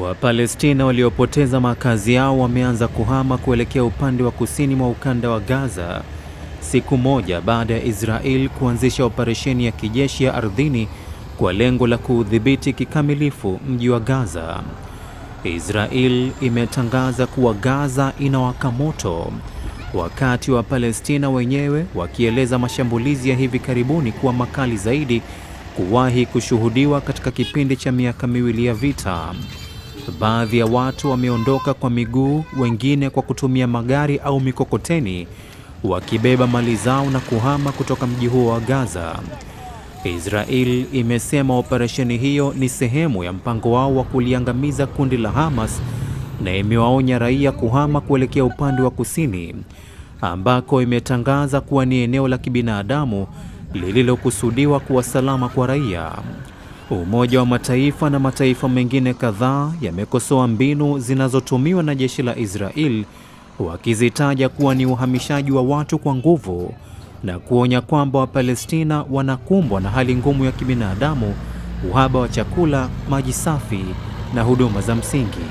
Wapalestina waliopoteza makazi yao wameanza kuhama kuelekea upande wa kusini mwa ukanda wa Gaza siku moja baada ya Israel kuanzisha operesheni ya kijeshi ya ardhini kwa lengo la kuudhibiti kikamilifu mji wa Gaza. Israel imetangaza kuwa Gaza inawaka moto, wakati wa Palestina wenyewe wakieleza mashambulizi ya hivi karibuni kuwa makali zaidi kuwahi kushuhudiwa katika kipindi cha miaka miwili ya vita. Baadhi ya watu wameondoka kwa miguu, wengine kwa kutumia magari au mikokoteni, wakibeba mali zao na kuhama kutoka mji huo wa Gaza. Israel imesema operesheni hiyo ni sehemu ya mpango wao wa kuliangamiza kundi la Hamas na imewaonya raia kuhama kuelekea upande wa kusini ambako imetangaza kuwa ni eneo la kibinadamu lililokusudiwa kuwa salama kwa raia. Umoja wa Mataifa na mataifa mengine kadhaa yamekosoa mbinu zinazotumiwa na jeshi la Israel wakizitaja kuwa ni uhamishaji wa watu kwa nguvu na kuonya kwamba Wapalestina wanakumbwa na hali ngumu ya kibinadamu, uhaba wa chakula, maji safi na huduma za msingi.